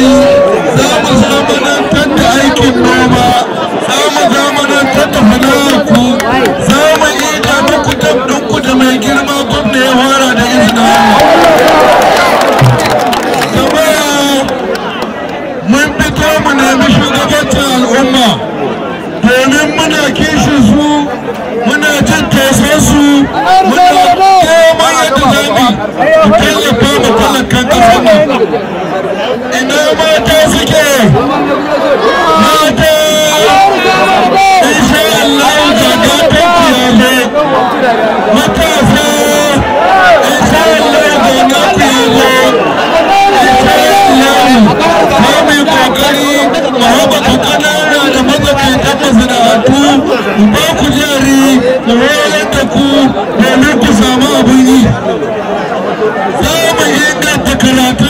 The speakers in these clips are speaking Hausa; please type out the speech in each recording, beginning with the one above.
yi za mu zamanantar da aikin noma za mu zamanantar da fana'arku za mu yi da da mai girma gwamna ya fara da izina jama'a mun fito mu nemi shugabancin al'umma domin muna kishin su muna jin su muna koma yadda za mu tallafa mu talakan mu. mata suke mata insha Allah daga ta matasa insha Allah daga kiyame insha Allah za mu kokari mu haɓaka ƙanana da matsakaita masana'antu mu ba ku jari wayar da ku domin ku samu abin yi za mu inganta karatu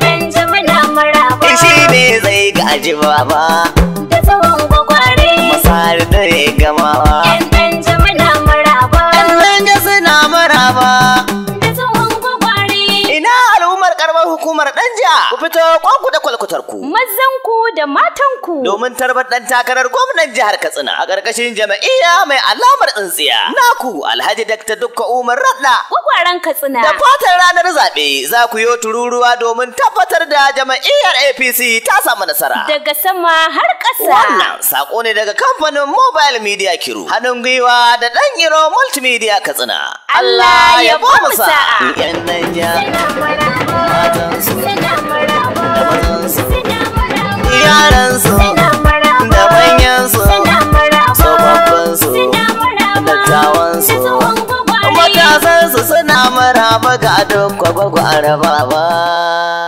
gaji baba da tsawon kwakware masar da ba karamar hukumar jiha ku fito kwanku da kwalkutar ku. Mazan da matanku. ku. Domin tarbar dan takarar gwamnan jihar Katsina a ƙarƙashin jama'iyya mai alamar tsintsiya. Naku Alhaji Dr. Dukka Umar Radda. Gwagwaran Katsina. Da fatan ranar zaɓe za ku yi tururuwa domin tabbatar da jama'iyyar APC ta samu nasara. Daga sama har ƙasa. Wannan saƙo ne daga kamfanin Mobile Media Kiru. Hannun gwiwa da ɗan Iro Multimedia Katsina. Allah ya ba mu sa'a. Yan mazansu da mazansu yaransu da manyansu tsofaffinsu dattawansu matasansu suna maraba ga duk kwagwagwa raba ba